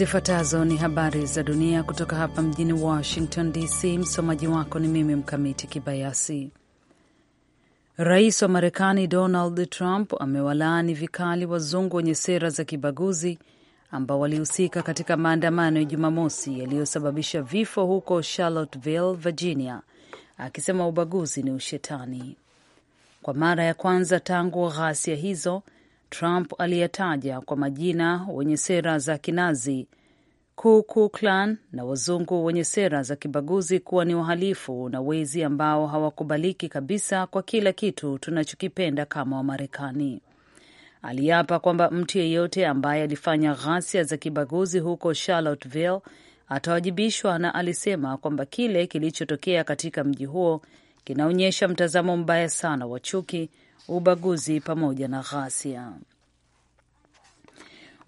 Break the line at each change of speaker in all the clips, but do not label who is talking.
Zifuatazo ni habari za dunia kutoka hapa mjini Washington DC. Msomaji wako ni mimi Mkamiti Kibayasi. Rais wa Marekani Donald Trump amewalaani vikali wazungu wenye sera za kibaguzi ambao walihusika katika maandamano ya Jumamosi yaliyosababisha vifo huko Charlottesville, Virginia, akisema ubaguzi ni ushetani. Kwa mara ya kwanza tangu ghasia hizo, Trump aliyetaja kwa majina wenye sera za kinazi, Ku Klux Klan na wazungu wenye sera za kibaguzi kuwa ni wahalifu na wezi ambao hawakubaliki kabisa kwa kila kitu tunachokipenda kama Wamarekani. Aliapa kwamba mtu yeyote ambaye alifanya ghasia za kibaguzi huko Charlottesville atawajibishwa, na alisema kwamba kile kilichotokea katika mji huo kinaonyesha mtazamo mbaya sana wa chuki ubaguzi pamoja na ghasia.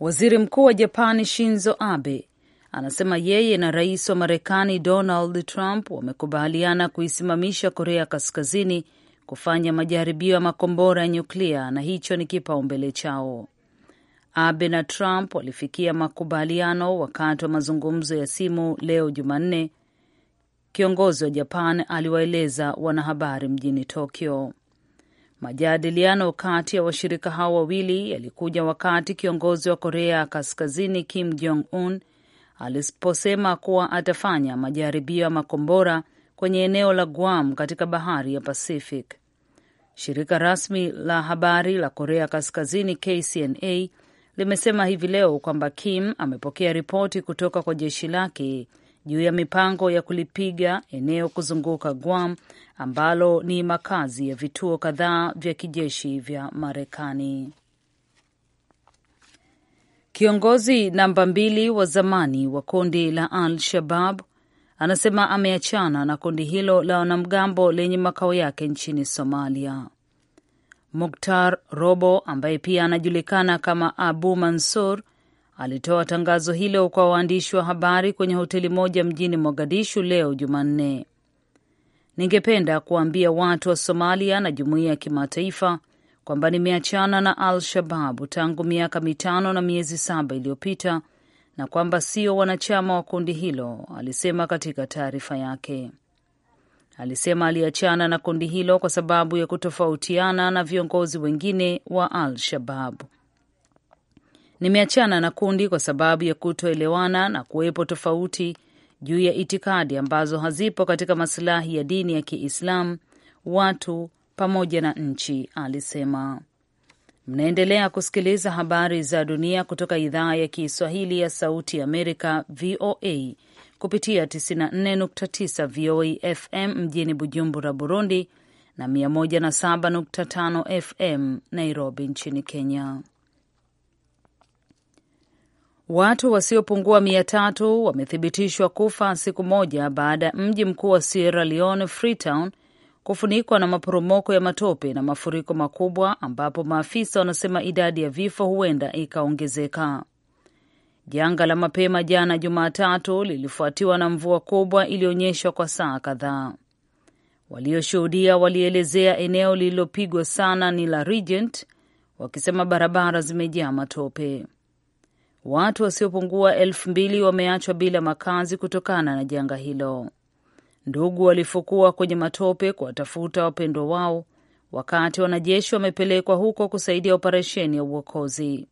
Waziri Mkuu wa Japani Shinzo Abe anasema yeye na rais wa Marekani Donald Trump wamekubaliana kuisimamisha Korea Kaskazini kufanya majaribio ya makombora ya nyuklia na hicho ni kipaumbele chao. Abe na Trump walifikia makubaliano wakati wa mazungumzo ya simu leo Jumanne, kiongozi wa Japan aliwaeleza wanahabari mjini Tokyo. Majadiliano kati ya washirika hao wawili yalikuja wakati kiongozi wa Korea Kaskazini Kim Jong Un aliposema kuwa atafanya majaribio ya makombora kwenye eneo la Guam katika bahari ya Pacific. Shirika rasmi la habari la Korea Kaskazini KCNA limesema hivi leo kwamba Kim amepokea ripoti kutoka kwa jeshi lake juu ya mipango ya kulipiga eneo kuzunguka Guam ambalo ni makazi ya vituo kadhaa vya kijeshi vya Marekani. Kiongozi namba mbili wa zamani wa kundi la Al Shabab anasema ameachana na kundi hilo la wanamgambo lenye makao yake nchini Somalia. Muktar Robo ambaye pia anajulikana kama Abu Mansur Alitoa tangazo hilo kwa waandishi wa habari kwenye hoteli moja mjini Mogadishu leo Jumanne. Ningependa kuwaambia watu wa Somalia na jumuiya ya kimataifa kwamba nimeachana na Al-Shababu tangu miaka mitano na miezi saba iliyopita na kwamba sio wanachama wa kundi hilo, alisema katika taarifa yake. Alisema aliachana na kundi hilo kwa sababu ya kutofautiana na viongozi wengine wa Al-Shababu nimeachana na kundi kwa sababu ya kutoelewana na kuwepo tofauti juu ya itikadi ambazo hazipo katika masilahi ya dini ya Kiislamu, watu pamoja na nchi, alisema. Mnaendelea kusikiliza habari za dunia kutoka idhaa ya Kiswahili ya Sauti Amerika, VOA, kupitia 94.9 VOA FM mjini Bujumbura, Burundi, na 107.5 FM Nairobi nchini Kenya. Watu wasiopungua mia tatu wamethibitishwa kufa siku moja baada ya mji mkuu wa Sierra Leone, Freetown, kufunikwa na maporomoko ya matope na mafuriko makubwa, ambapo maafisa wanasema idadi ya vifo huenda ikaongezeka. Janga la mapema jana Jumatatu lilifuatiwa na mvua kubwa iliyonyeshwa kwa saa kadhaa. Walioshuhudia walielezea eneo lililopigwa sana ni la Regent, wakisema barabara zimejaa matope. Watu wasiopungua elfu mbili wameachwa bila makazi kutokana na janga hilo. Ndugu walifukua kwenye matope kuwatafuta wapendwa wao, wakati wanajeshi wamepelekwa huko kusaidia operesheni ya uokozi.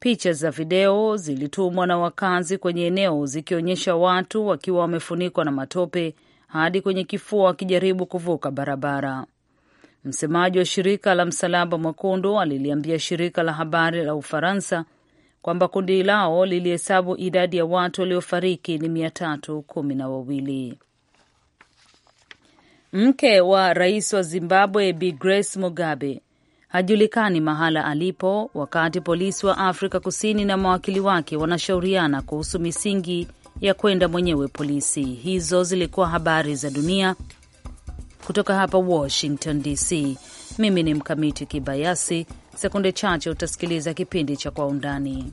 Picha za video zilitumwa na wakazi kwenye eneo zikionyesha watu wakiwa wamefunikwa na matope hadi kwenye kifua wakijaribu kuvuka barabara. Msemaji wa shirika la Msalaba Mwekundu aliliambia shirika la habari la Ufaransa kwamba kundi lao lilihesabu idadi ya watu waliofariki ni mia tatu kumi na wawili. Mke wa rais wa Zimbabwe Bi Grace Mugabe hajulikani mahala alipo, wakati polisi wa Afrika Kusini na mawakili wake wanashauriana kuhusu misingi ya kwenda mwenyewe polisi. Hizo zilikuwa habari za dunia kutoka hapa Washington DC. Mimi ni Mkamiti Kibayasi. Sekunde chache utasikiliza kipindi cha Kwa Undani.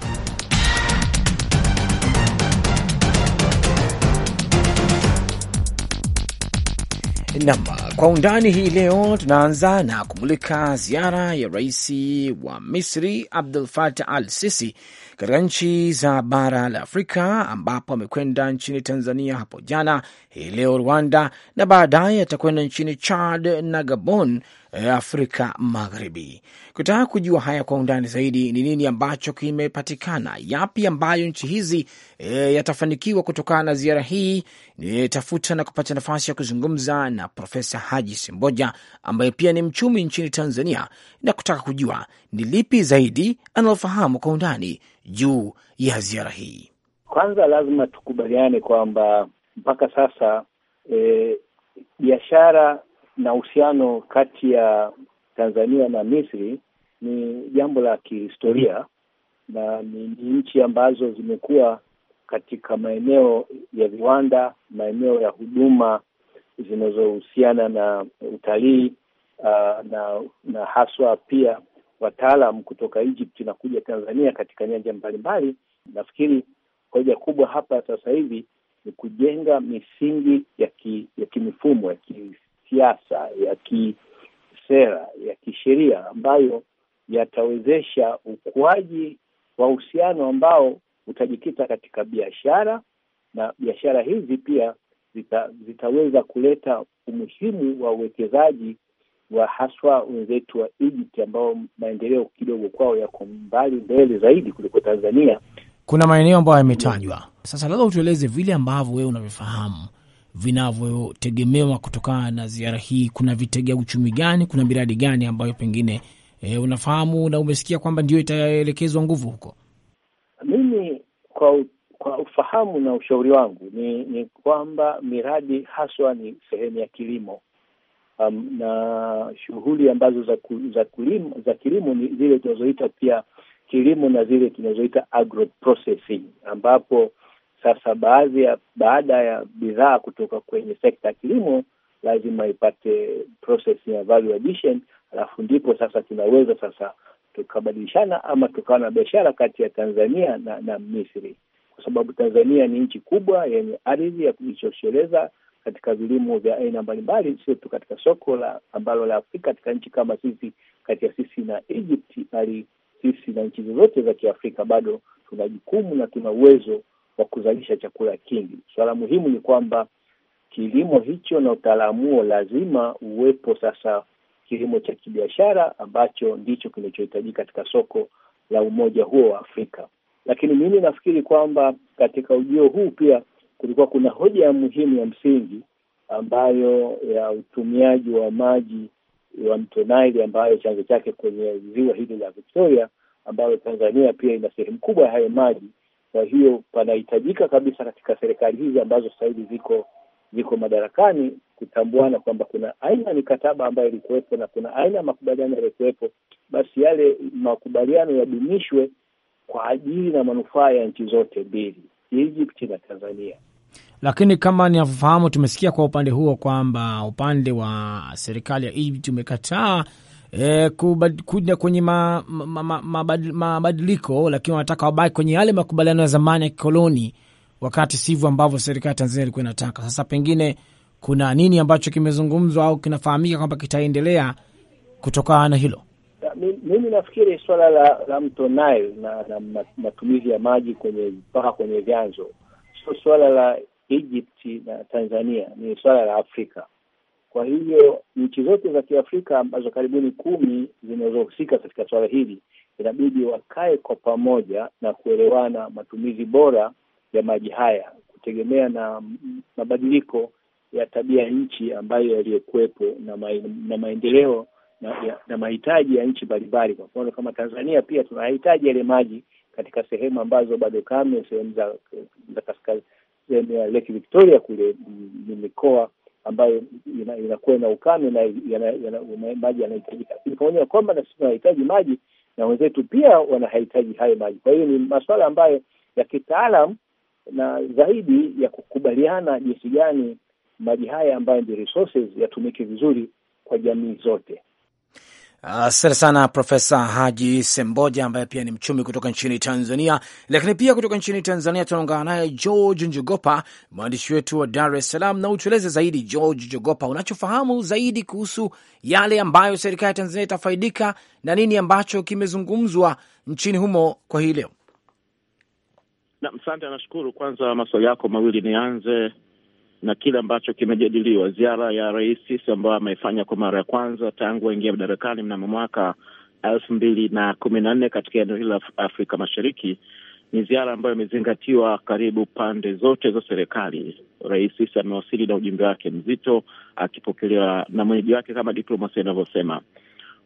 Nam kwa undani hii leo, tunaanza na kumulika ziara ya rais wa Misri Abdul Fatah al Sisi katika nchi za bara la Afrika, ambapo amekwenda nchini Tanzania hapo jana, hii leo Rwanda, na baadaye atakwenda nchini Chad na Gabon Afrika Magharibi. Kutaka kujua haya kwa undani zaidi, ni nini ambacho kimepatikana, yapi ambayo nchi hizi e, yatafanikiwa kutokana na ziara hii, nitafuta na kupata nafasi ya kuzungumza na Profesa Haji Semboja ambaye pia ni mchumi nchini Tanzania, na kutaka kujua ni lipi zaidi analofahamu kwa undani juu ya ziara hii.
Kwanza lazima tukubaliane kwamba mpaka sasa e, biashara na uhusiano kati ya Tanzania na Misri ni jambo la kihistoria na ni, ni nchi ambazo zimekuwa katika maeneo ya viwanda, maeneo ya huduma zinazohusiana na utalii uh, na na haswa pia wataalam kutoka Egypt kuja Tanzania katika nyanja mbalimbali. Nafikiri hoja kubwa hapa sasa hivi ni kujenga misingi ya ki, ya kimifumo ya ki, kisiasa, ya kisera, ya kisheria ambayo yatawezesha ukuaji wa uhusiano ambao utajikita katika biashara na biashara hizi pia zita, zitaweza kuleta umuhimu wa uwekezaji wa haswa wenzetu wa Egypt ambao maendeleo kidogo kwao yako mbali mbele zaidi kuliko Tanzania.
Kuna maeneo ambayo yametajwa. Sasa labda utueleze vile ambavyo wewe unavyofahamu vinavyotegemewa kutokana na ziara hii? Kuna vitega uchumi gani? Kuna miradi gani ambayo pengine e, unafahamu na umesikia kwamba ndio itaelekezwa
nguvu huko?
Mimi kwa, kwa ufahamu na ushauri wangu ni, ni kwamba miradi haswa ni sehemu ya kilimo um, na shughuli ambazo za, ku, za, kulimo, za kilimo ni zile tunazoita pia kilimo na zile tunazoita agro processing ambapo sasa baadhi ya baada ya bidhaa kutoka kwenye sekta ya kilimo lazima ipate process ya value addition, alafu ndipo sasa tunaweza sasa tukabadilishana ama tukawa na biashara kati ya Tanzania na, na Misri kwa sababu Tanzania ni nchi kubwa yenye ardhi ya kujitosheleza katika vilimo vya aina mbalimbali, sio tu katika soko la ambalo la Afrika katika nchi kama sisi, kati ya sisi na Egypt, bali sisi na nchi zozote za Kiafrika bado tuna jukumu na tuna uwezo wa kuzalisha chakula kingi. Suala muhimu ni kwamba kilimo hicho na utaalamu huo lazima uwepo sasa kilimo cha kibiashara ambacho ndicho kinachohitajika katika soko la umoja huo wa Afrika. Lakini mimi nafikiri kwamba katika ujio huu pia kulikuwa kuna hoja ya muhimu ya msingi ambayo ya utumiaji wa maji wa mto Nile ambayo chanzo chake kwenye ziwa hili la Victoria, ambayo Tanzania pia ina sehemu kubwa ya hayo maji kwa hiyo panahitajika kabisa katika serikali hizi ambazo sasa hivi ziko ziko madarakani kutambuana kwamba kuna aina ya mikataba ambayo ilikuwepo na kuna aina ya makubaliano yaliyokuwepo, basi yale makubaliano yadumishwe kwa ajili na manufaa ya nchi zote mbili, Egypt na Tanzania.
Lakini kama ninavyofahamu, tumesikia kwa upande huo kwamba upande wa serikali ya Egypt umekataa e, kuja kwenye mabadiliko ma, ma, ma, ma, ma, lakini wanataka wabaki kwenye yale makubaliano ya zamani ya kikoloni, wakati sivyo ambavyo serikali ya Tanzania ilikuwa inataka. Sasa pengine kuna nini ambacho kimezungumzwa au kinafahamika kwamba kitaendelea kutokana na hilo?
Mimi nafikiri suala la, la mto Nile na, na matumizi ya maji kwenye mpaka kwenye vyanzo sio suala la Egypt na Tanzania, ni suala la Afrika. Kwa hivyo nchi zote za Kiafrika ambazo karibuni kumi zinazohusika katika swala hili inabidi wakae kwa pamoja na kuelewana matumizi bora ya maji haya kutegemea na mabadiliko ya tabia ya nchi ambayo yaliyokuwepo na, ma na maendeleo na, na mahitaji ya nchi mbalimbali. Kwa mfano kama Tanzania pia tunahitaji yale maji katika sehemu ambazo bado kame, sehemu za, za kaskazini, sehemu ya Lake Victoria kule mm, ni mikoa ambayo inakuwa ina ukame na maji yanahitajika, lakini pamoja na kwamba na sisi tunahitaji maji na wenzetu pia wanahitaji hayo maji. Kwa hiyo ni masuala ambayo ya kitaalam na zaidi ya kukubaliana jinsi gani maji haya ambayo ndio resources yatumike vizuri kwa jamii zote.
Asante sana Profesa Haji Semboja ambaye pia ni mchumi kutoka nchini Tanzania. Lakini pia kutoka nchini Tanzania tunaungana naye George Njogopa, mwandishi wetu wa Dar es Salaam. Na utueleze zaidi, George Njogopa, unachofahamu zaidi kuhusu yale ambayo serikali ya Tanzania itafaidika na nini ambacho kimezungumzwa nchini humo
kwa hii leo? Naam, asante, nashukuru. Kwanza maswali yako mawili nianze na kile ambacho kimejadiliwa, ziara ya Rais Sisi ambayo amefanya kwa mara ya kwanza tangu aingia madarakani mnamo mwaka elfu mbili na kumi na nne katika eneo hili la Afrika Mashariki ni ziara ambayo imezingatiwa karibu pande zote za serikali. Rais Sisi amewasili na ujumbe wake mzito, akipokelewa na mwenyeji wake kama diplomasia inavyosema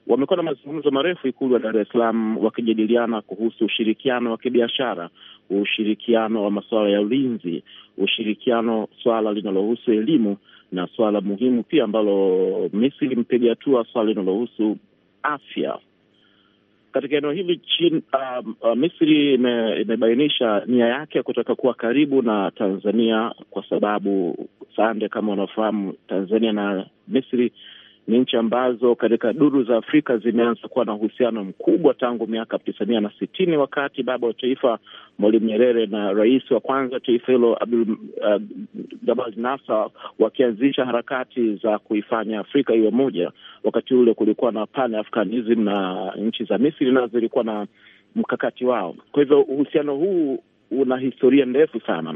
wamekuwa na mazungumzo marefu ikulu ya Dar es Salaam wakijadiliana kuhusu ushirikiano wa kibiashara, ushirikiano wa masuala ya ulinzi, ushirikiano swala linalohusu elimu na swala muhimu pia ambalo Misri limepiga hatua, swala linalohusu afya katika eneo hili Uh, uh, Misri imebainisha nia yake ya kutaka kuwa karibu na Tanzania kwa sababu sande, kama unafahamu, Tanzania na Misri ni nchi ambazo katika duru za Afrika zimeanza kuwa na uhusiano mkubwa tangu miaka tisa mia na sitini wakati baba wa taifa Mwalimu Nyerere na rais wa kwanza taifa hilo Abdul uh, Gamal Nasser wakianzisha harakati za kuifanya Afrika iwe moja. Wakati ule kulikuwa na Pan Africanism na nchi za Misri nazo zilikuwa na mkakati wao. Kwa hivyo uhusiano huu una historia ndefu sana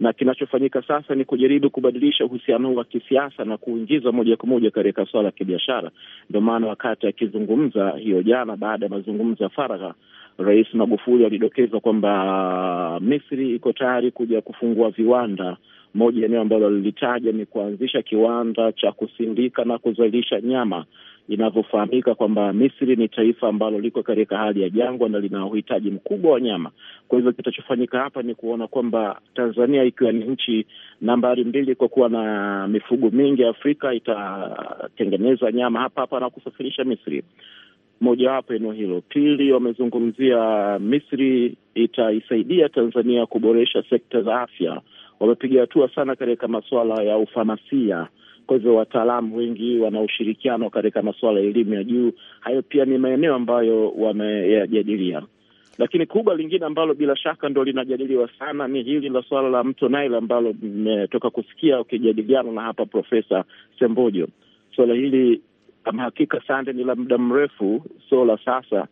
na kinachofanyika sasa ni kujaribu kubadilisha uhusiano huu wa kisiasa na kuingiza moja kwa moja katika suala la kibiashara. Ndio maana wakati akizungumza hiyo jana, baada ya mazungumzo ya faragha, Rais Magufuli alidokeza kwamba uh, Misri iko tayari kuja kufungua viwanda. Moja eneo ambalo alilitaja ni kuanzisha kiwanda cha kusindika na kuzalisha nyama inavyofahamika kwamba Misri ni taifa ambalo liko katika hali ya jangwa na lina uhitaji mkubwa wa nyama. Kwa hivyo kitachofanyika hapa ni kuona kwamba Tanzania ikiwa ni nchi nambari mbili kwa kuwa na mifugo mingi Afrika itatengeneza nyama hapa hapa na kusafirisha Misri mojawapo eneo hilo. Pili, wamezungumzia Misri itaisaidia Tanzania kuboresha sekta za afya. Wamepiga hatua sana katika masuala ya ufamasia kwa hivyo wataalamu wengi wana ushirikiano katika masuala ya elimu ya juu. Hayo pia ni maeneo ambayo wameyajadilia, lakini kubwa lingine ambalo bila shaka ndo linajadiliwa sana ni hili la suala la mto Nile ambalo mmetoka kusikia ukijadiliana na hapa Profesa Sembojo. Suala hili kama hakika sande ni la muda mrefu, sio la sasa,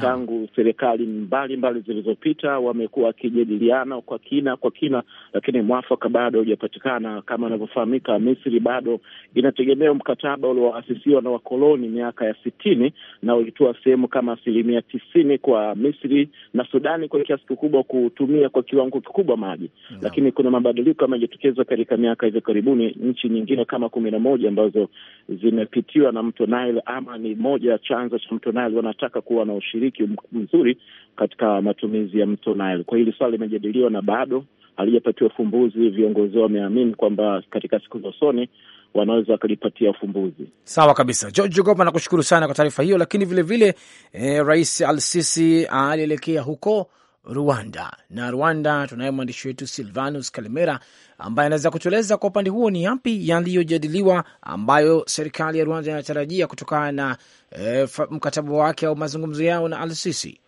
tangu serikali mbalimbali zilizopita wamekuwa wakijadiliana kwa kina kwa kina, lakini mwafaka bado haujapatikana. Kama anavyofahamika, Misri bado inategemea mkataba ulioasisiwa na wakoloni miaka ya sitini na ulitoa sehemu kama asilimia tisini kwa Misri na Sudani kwa kiasi kikubwa kutumia kwa kiwango kikubwa maji no. Lakini kuna mabadiliko yamejitokeza katika miaka hivi karibuni. Nchi nyingine kama kumi na moja ambazo zimepitiwa na mto Nile ama ni moja ya chanzo cha mto Nile wanataka kuwa na ushi ushiriki mzuri katika matumizi ya mto Nile. Kwa hili swala limejadiliwa na bado halijapatiwa ufumbuzi. Viongozi wameamini kwamba katika siku za usoni wanaweza wakalipatia ufumbuzi.
Sawa kabisa, George Jogopa, nakushukuru sana kwa taarifa hiyo. Lakini vilevile vile, eh, Rais Al Sisi alielekea huko Rwanda. Na Rwanda tunaye mwandishi wetu Silvanus Kalimera ambaye anaweza kutueleza kwa upande huo ni yapi yaliyojadiliwa ambayo serikali ya Rwanda inatarajia kutokana na e, mkataba wake au mazungumzo yao na alsisi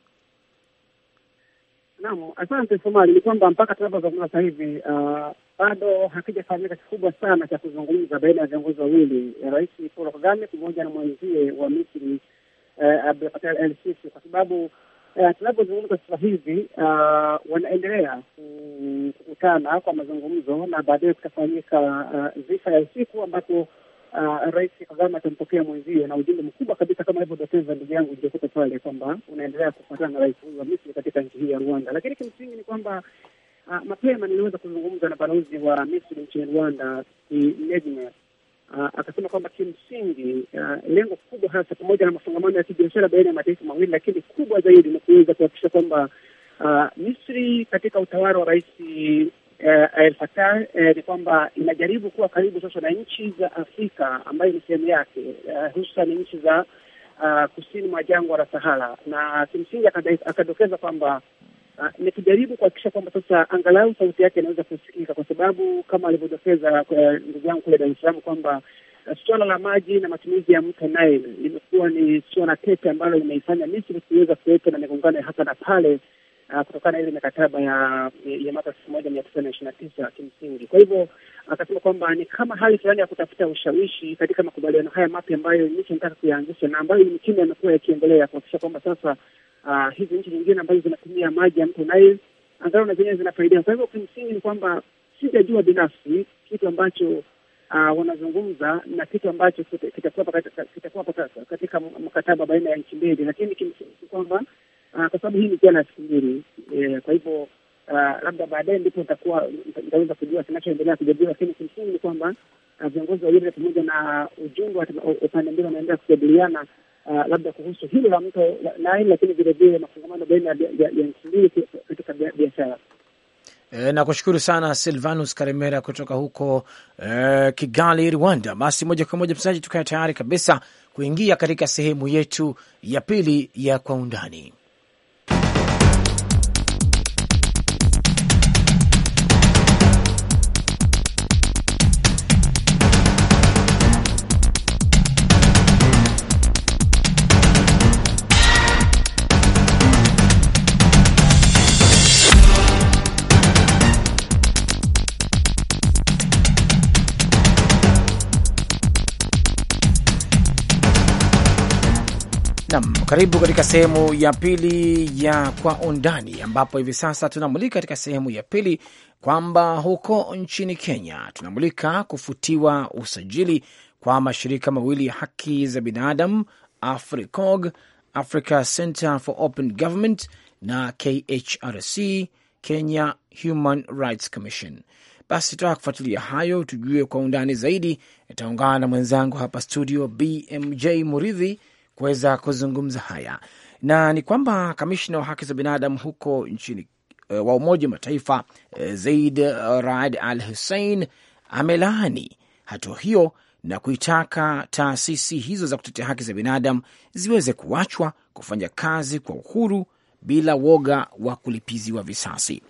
nam Naam, asante Somali. Ni kwamba mpaka tunapozungumza sasa hivi uh, bado hakijafanyika kikubwa sana cha kuzungumza baina ya viongozi wawili, eh, Rais Paul Kagame pamoja na mwenzie wa Misri uh, Abdel Fattah El-Sisi kwa sababu Uh, eh, tunavyozungumza sasa hivi uh, eh, wanaendelea kukutana kwa mazungumzo na baadaye kutafanyika uh, zifa ya usiku ambapo uh, Rais Kagame atampokea mwenzie na ujumbe mkubwa kabisa, kama alivyodokeza ndugu yangu iliyokuta pale kwamba unaendelea kufuatana na rais huyu wa Misri katika nchi hii ya Rwanda. Lakini kimsingi ni kwamba uh, mapema niliweza kuzungumza na balozi wa Misri nchini Rwanda Uh, akasema kwamba kimsingi uh, lengo kubwa hasa, pamoja na mafungamano ya kibiashara baina ya mataifa mawili, lakini kubwa zaidi ni kuweza kuhakikisha kwamba uh, Misri katika utawala wa Rais uh, eh, El Fattah uh, ni kwamba inajaribu kuwa karibu sasa na nchi za Afrika ambayo ni sehemu yake uh, hususan nchi za uh, kusini mwa jangwa la Sahara, na kimsingi akadokeza kwamba ni ah, nikijaribu kuhakikisha kwamba sasa angalau sauti yake inaweza kusikika, kwa sababu kama alivyodokeza eh, ndugu yangu kule Dar es Salaam kwamba eh, suala la maji na matumizi ya mto Nile limekuwa ni suala tete ambalo limeifanya Misri kuweza kuwepo na migongano hapa na pale ah, kutokana na ile mikataba ya ya mwaka elfu moja mia tisa na ishirini na tisa kimsingi. Kwa hivyo akasema kwamba ni kama hali fulani ya kutafuta ushawishi katika makubaliano haya mapya ambayo nchi inataka kuyaanzisha na ambayo mchini amekuwa yakiendelea kuhakikisha kwamba sasa uh, hizi nchi nyingine ambazo zinatumia maji ya mto Nile angalau na zenyewe zinafaidia. Kwa hivyo kimsingi ni kwamba sijajua binafsi kitu ambacho uh, wanazungumza na kitu ambacho kitakuwa katika, katika, katika mkataba baina ya nchi mbili, lakini kimsingi ni kwamba uh, kwa sababu hii ni jana siku mbili eh, kwa hivyo Uh, labda baadaye ndipo nitakuwa nitaweza kujua kinachoendelea kujadiliwa, lakini kimsingi ni kwamba viongozi wawili pamoja na ujumbe wa upande mbili wanaendelea kujadiliana uh, labda kuhusu hilo la mto Nile, lakini vilevile mafungamano baina ya nchi mbili katika biashara.
E, eh, na kushukuru sana Silvanus Karemera kutoka huko e, Kigali, Rwanda. Basi moja kwa moja msikilizaji, tukae tayari kabisa kuingia katika sehemu yetu ya pili ya kwa undani. Karibu katika sehemu ya pili ya Kwa Undani, ambapo hivi sasa tunamulika katika sehemu ya pili kwamba huko nchini Kenya tunamulika kufutiwa usajili kwa mashirika mawili ya haki za binadamu AFRICOG, Africa Center for Open Government na KHRC, Kenya Human Rights Commission. Basi tutaka kufuatilia hayo tujue kwa undani zaidi. Itaungana na mwenzangu hapa studio BMJ Muridhi kuweza kuzungumza haya, na ni kwamba kamishna wa haki za binadamu huko nchini uh, wa Umoja wa Mataifa uh, Zaid eh, Raad Al Hussein amelaani hatua hiyo na kuitaka taasisi hizo za kutetea haki za binadamu ziweze kuachwa kufanya kazi kwa uhuru bila woga wa kulipiziwa visasi.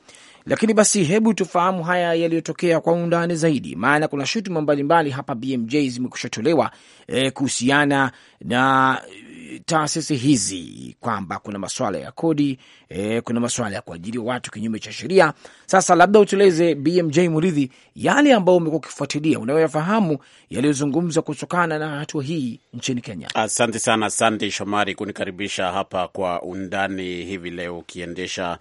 Lakini basi hebu tufahamu haya yaliyotokea kwa undani zaidi, maana kuna shutuma mbalimbali hapa BMJ zimekusha tolewa e, eh, kuhusiana na eh, taasisi hizi kwamba kuna masuala ya kodi e, kuna masuala ya kuajiri watu kinyume cha sheria. Sasa labda utueleze BMJ Muridhi, yale ambayo umekuwa ukifuatilia, unayoyafahamu yaliyozungumzwa kutokana na hatua hii nchini Kenya.
Asante sana, Sande Shomari, kunikaribisha hapa kwa undani hivi leo ukiendesha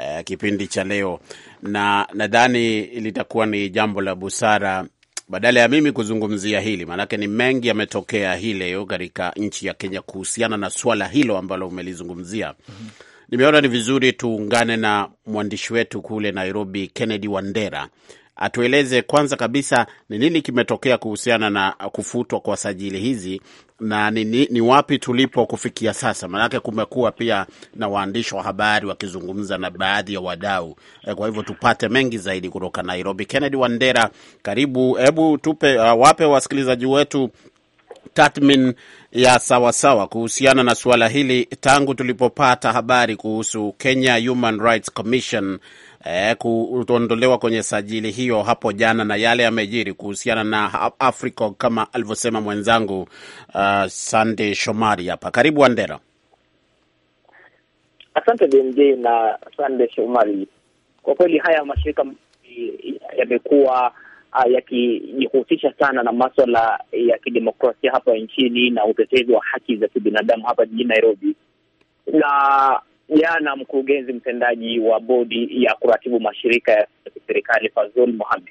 eh, kipindi cha leo, na nadhani litakuwa ni jambo la busara badala ya mimi kuzungumzia hili, maanake ni mengi yametokea hii leo katika nchi ya Kenya kuhusiana na swala hilo ambalo umelizungumzia. mm -hmm. Nimeona ni vizuri tuungane na mwandishi wetu kule Nairobi, Kennedy Wandera atueleze kwanza kabisa ni nini kimetokea kuhusiana na kufutwa kwa sajili hizi na ni, ni, ni wapi tulipo kufikia sasa? Maanake kumekuwa pia na waandishi wa habari wakizungumza na baadhi ya wadau. Eh, kwa hivyo tupate mengi zaidi kutoka Nairobi. Kennedy Wandera, karibu. Hebu tupe uh, wape wasikilizaji wetu tathmin ya sawasawa kuhusiana na suala hili tangu tulipopata habari kuhusu Kenya Human Rights Commission eh, kuondolewa kwenye sajili hiyo hapo jana, na yale yamejiri kuhusiana na Africa kama alivyosema mwenzangu uh, Sande Shomari hapa. Karibu Wandera.
Asante BMJ na Sande Shomari. Kwa kweli haya mashirika yamekuwa uh, yakijihusisha sana na maswala ya kidemokrasia hapa nchini na utetezi wa haki za kibinadamu hapa jijini Nairobi, na Jana mkurugenzi mtendaji wa bodi ya kuratibu mashirika ya serikali Fazul Mohamed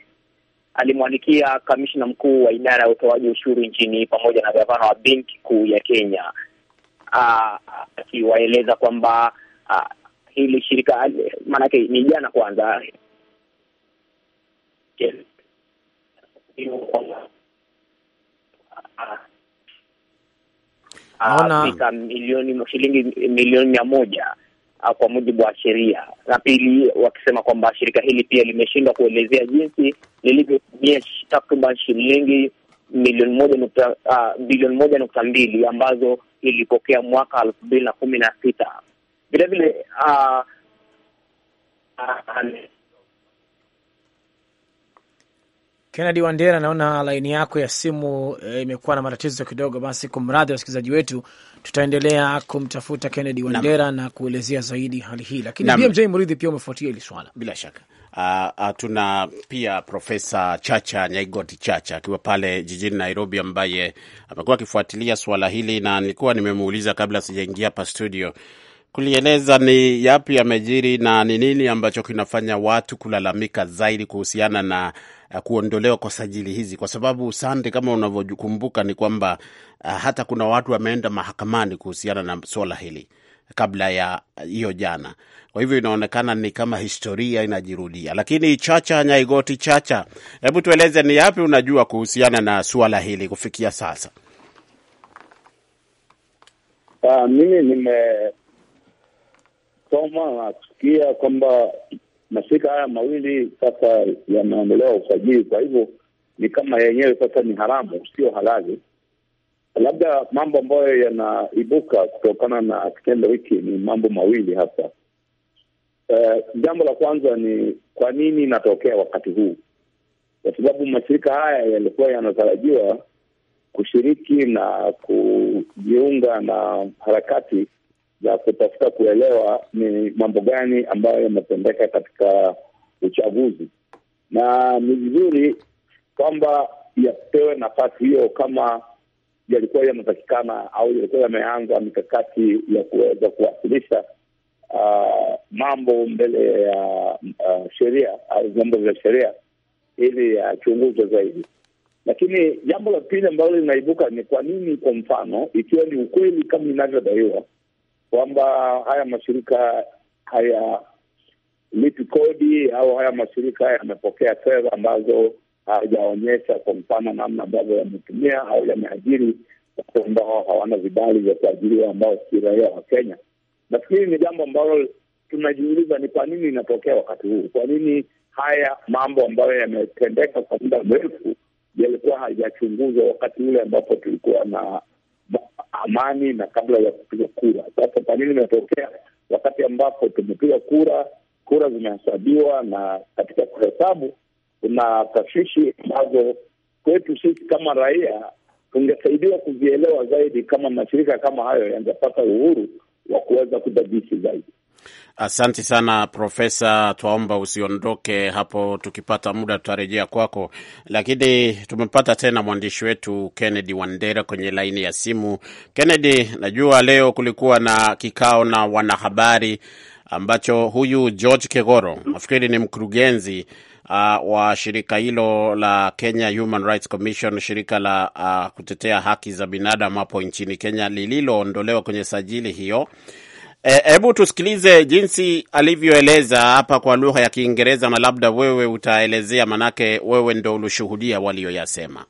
alimwandikia kamishna mkuu wa idara ya utoaji ushuru nchini pamoja na gavana wa benki kuu ya Kenya akiwaeleza kwamba hili shirika maanake ni jana kwanza Afrika milioni shilingi milioni mia moja Uh, kwa mujibu wa sheria, na pili, wakisema kwamba shirika hili pia limeshindwa kuelezea jinsi lilivyotumia takriban shilingi milioni moja nukta uh, bilioni moja nukta mbili ambazo ilipokea mwaka elfu mbili na kumi na sita vilevile
uh, uh,
Kennedy Wandera, naona laini yako ya simu eh, imekuwa e, na matatizo kidogo, basi kumradhi wasikilizaji wetu, tutaendelea kumtafuta Kennedy Wandera na kuelezea zaidi hali hii, lakini BMJ Mridhi pia umefuatia hili swala
bila shaka. Uh, tuna pia Profesa Chacha Nyaigoti Chacha akiwa pale jijini Nairobi, ambaye amekuwa akifuatilia swala hili na nilikuwa nimemuuliza kabla sijaingia hapa studio kulieleza ni yapi yamejiri na ni nini ambacho kinafanya watu kulalamika zaidi kuhusiana na eh, kuondolewa kwa sajili hizi, kwa sababu Sande, kama unavyokumbuka, ni kwamba eh, hata kuna watu wameenda mahakamani kuhusiana na swala hili kabla ya eh, hiyo jana. Kwa hivyo inaonekana ni kama historia inajirudia. Lakini Chacha Nyaigoti Chacha, hebu tueleze ni yapi unajua kuhusiana na suala hili kufikia sasa?
Uh, mimi nime soma kusikia kwamba mashirika haya mawili sasa yameondolewa usajili, kwa hivyo ni kama yenyewe sasa ni haramu, sio halali. Labda mambo ambayo yanaibuka kutokana na kitendo hiki ni mambo mawili hasa. Uh, eh, jambo la kwanza ni kwa nini inatokea wakati huu, kwa sababu mashirika haya yalikuwa yanatarajiwa kushiriki na kujiunga na harakati za kutafuta kuelewa ni mambo gani ambayo yametendeka katika uchaguzi, na ni vizuri kwamba yapewe nafasi hiyo kama yalikuwa yanatakikana au yalikuwa yameanza mikakati ya kuweza kuwasilisha uh, mambo mbele ya uh, sheria au vyombo vya sheria ili yachunguzwe zaidi. Lakini jambo la pili ambalo linaibuka ni kwa nini, kwa mfano, ikiwa ni ukweli kama inavyodaiwa kwamba haya mashirika hayalipi kodi au haya mashirika yamepokea fedha ambazo hayajaonyesha, kwa mfano namna ambavyo yametumia au yameajiri watu ambao hawana vibali vya kuajiriwa ambao si raia wa Kenya. Nafikiri ni jambo ambalo tunajiuliza ni kwa nini inatokea wakati huu. Kwa nini haya mambo ambayo yametendeka kwa muda mrefu yalikuwa hayajachunguzwa wakati ule ambapo tulikuwa na amani na kabla ya kupiga kura. Sasa kwa nini imetokea wakati ambapo tumepiga kura, kura zimehesabiwa, na katika kuhesabu kuna tashwishi ambazo kwetu sisi kama raia tungesaidiwa kuzielewa zaidi, kama mashirika kama hayo yangepata uhuru wa kuweza kudadisi zaidi.
Asante sana Profesa, twaomba usiondoke hapo, tukipata muda tutarejea kwako, lakini tumepata tena mwandishi wetu Kennedy Wandera kwenye laini ya simu. Kennedy, najua leo kulikuwa na kikao na wanahabari ambacho huyu George Kegoro nafikiri ni mkurugenzi uh, wa shirika hilo la Kenya Human Rights Commission, shirika la uh, kutetea haki za binadamu hapo nchini Kenya lililoondolewa kwenye sajili hiyo E, hebu e, tusikilize jinsi alivyoeleza hapa kwa lugha ya Kiingereza na labda wewe utaelezea, manake wewe ndo ulishuhudia walioyasema.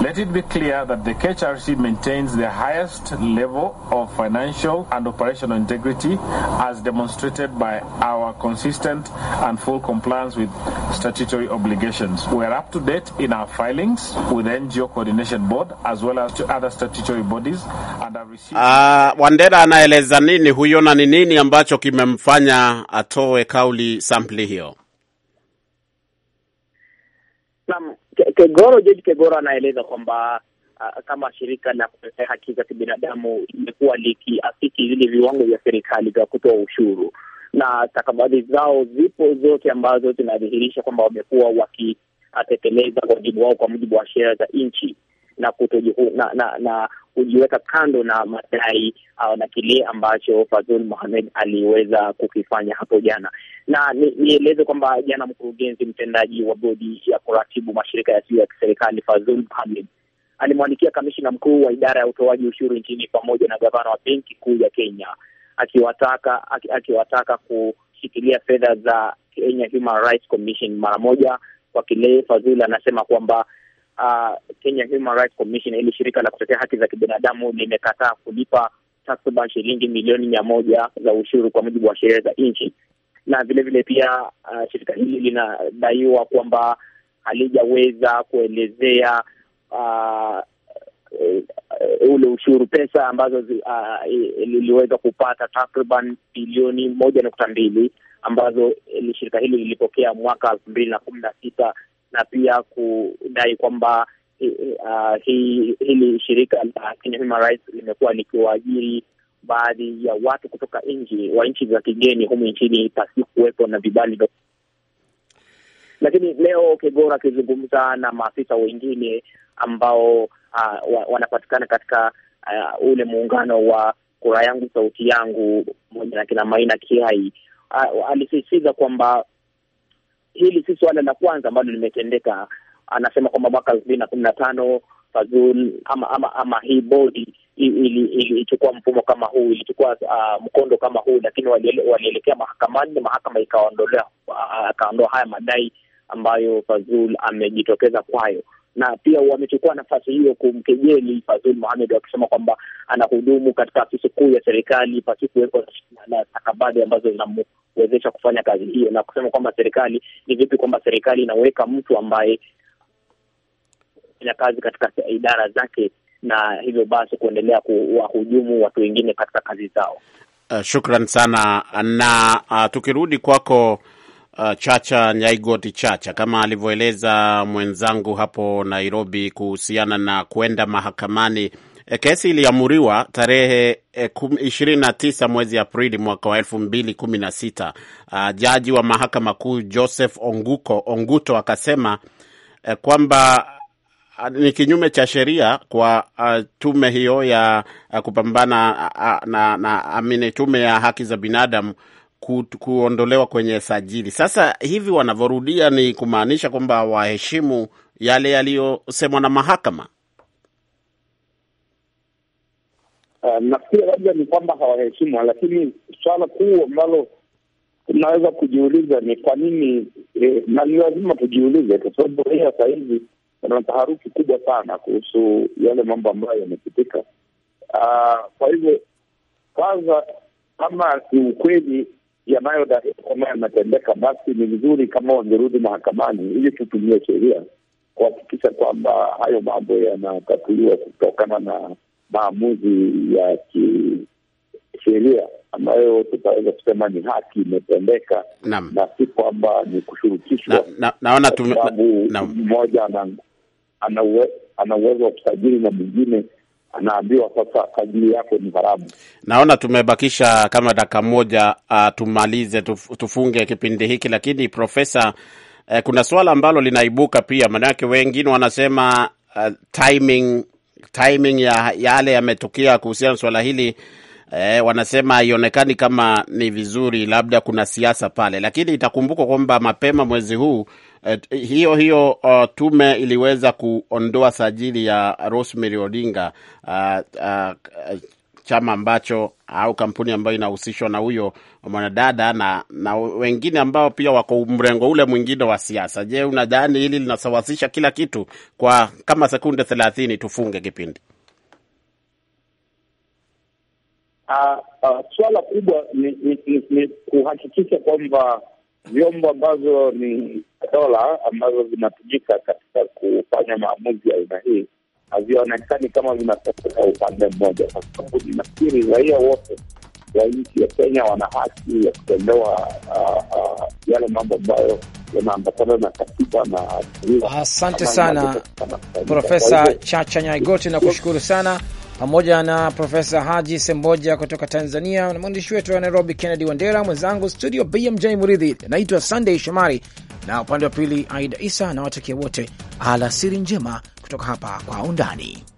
Let it be clear that the KHRC maintains the highest level of financial and operational integrity as demonstrated by our consistent and full compliance with statutory obligations. We are up to date in our filings with the NGO Coordination Board as well as to other statutory bodies and have received... Uh, Wandera anaeleza nini huyo na ni nini ambacho kimemfanya atoe kauli sampli hiyo?
Namu. Kegoro, George Kegoro anaeleza kwamba uh, kama shirika la kutetea haki za kibinadamu limekuwa likiafiki vile viwango vya serikali vya kutoa ushuru na stakabadhi zao zipo zote ambazo zinadhihirisha kwamba wamekuwa wakitekeleza wajibu wao kwa mujibu wa sheria za nchi na, na, na kujiweka kando na madai uh, na kile ambacho Fazul Mohamed aliweza kukifanya hapo jana. Na nieleze ni kwamba jana mkurugenzi mtendaji wa bodi ya kuratibu mashirika yasiyo ya kiserikali Fazul Mohamed alimwandikia kamishina mkuu wa idara ya utoaji ushuru nchini pamoja na gavana wa benki kuu ya Kenya akiwataka akiwataka kushikilia fedha za Kenya Human Rights Commission mara moja kwa kile Fazul anasema kwamba uh, Kenya Human Rights Commission, ili shirika la kutetea haki za kibinadamu limekataa kulipa takriban shilingi milioni mia moja za ushuru kwa mujibu wa sheria za nchi, na vilevile vile pia uh, shirika hili linadaiwa kwamba halijaweza kuelezea uh, uh ule ushuru pesa ambazo uh, liliweza kupata takriban bilioni moja nukta mbili ambazo shirika hili lilipokea mwaka elfu mbili na kumi na sita na pia kudai kwamba uh, hili shirika la Kenya Human Rights limekuwa likiwaajiri baadhi ya watu kutoka nji wa nchi za kigeni humu nchini pasi kuwepo na vibali do.
Lakini leo Kegora
akizungumza na maafisa wengine ambao uh, wanapatikana katika uh, ule muungano wa kura yangu sauti yangu pamoja na kina Maina kiai uh, alisisitiza kwamba hili si suala la kwanza ambalo limetendeka. Anasema kwamba mwaka elfu mbili na kumi na tano Fazul ama ama, ama hii bodi ilichukua mfumo kama huu, ilichukua uh, mkondo kama huu, lakini walielekea mahakamani mahakama ah, ikaondoa uh, haya madai ambayo Fazul amejitokeza kwayo na pia wamechukua nafasi hiyo kumkejeli Fazul Mohamed wakisema kwamba anahudumu katika afisi kuu ya serikali pasipo kuwekwa na stakabadhi ambazo zinamu kuwezesha kufanya kazi hiyo, na kusema kwamba serikali ni vipi, kwamba serikali inaweka mtu ambaye fanya kazi katika idara zake na hivyo basi kuendelea kuwahujumu watu wengine katika kazi zao.
Uh, shukran sana na uh, tukirudi kwako uh, Chacha Nyaigoti Chacha, kama alivyoeleza mwenzangu hapo Nairobi kuhusiana na kwenda mahakamani Eh, kesi iliamuriwa tarehe 29 eh, mwezi Aprili mwaka wa 2016. Uh, ah, jaji wa mahakama kuu Joseph Onguko, Onguto akasema e, kwamba ah, ni kinyume cha sheria kwa uh, tume hiyo ya uh, kupambana uh, na, na amini tume ya haki za binadamu ku, kuondolewa kwenye sajili. Sasa hivi wanavyorudia ni kumaanisha kwamba waheshimu yale yaliyosemwa na mahakama.
Uh, nafikiri labda ni kwamba hawaheshimu lakini swala kuu ambalo tunaweza kujiuliza ni kwa nini eh, na ni lazima tujiulize, kwa sababu raia saa hizi kuna taharuki kubwa sana kuhusu yale mambo ambayo yamepitika. Uh, kwa hivyo kwanza, kama ni ukweli yanayodaiwa kwamba yametendeka, basi ni vizuri kama wangerudi mahakamani ili tutumie sheria kuhakikisha kwamba hayo mambo yanatatuliwa kutokana na maamuzi ya kisheria ambayo tutaweza kusema ni haki imetendeka na si kwamba ni kushurutishwa. Naona sababu mmoja ana uwezo wa kusajili na mwingine anaambiwa
sasa kajili yako ni haramu. Naona tumebakisha kama dakika moja, uh, tumalize tuf, tufunge kipindi hiki, lakini Profesa, uh, eh, kuna suala ambalo linaibuka pia, maanake wengine wanasema uh, timing timing ya yale yametokea kuhusiana na swala hili eh, wanasema haionekani kama ni vizuri, labda kuna siasa pale, lakini itakumbukwa kwamba mapema mwezi huu eh, hiyo hiyo uh, tume iliweza kuondoa sajili ya Rosemary Odinga uh, uh, chama ambacho au kampuni ambayo inahusishwa na huyo mwanadada na, na wengine ambao pia wako mrengo ule mwingine wa siasa. Je, unadhani hili linasawazisha kila kitu? Kwa kama sekunde thelathini tufunge kipindi.
Uh, ah, uh, ah, suala kubwa ni, ni, ni, ni kuhakikisha kwamba vyombo ambavyo ni dola ambazo vinatumika katika kufanya maamuzi ya aina hii havionekani kama vinatokea upande mmoja, kwa sababu ninafikiri raia wote wa nchi ya Kenya wana haki ya kutendewa ah, ah, yale mambo ambayo Asante
sana
Profesa
Chacha Nyaigoti, na kushukuru sana pamoja na Profesa Haji Semboja kutoka Tanzania na mwandishi wetu wa Nairobi Kennedy Wandera, mwenzangu studio BMJ Muridhi. Naitwa Sunday Shomari na upande wa pili Aida Isa, na watakia wote alasiri njema kutoka hapa kwa undani.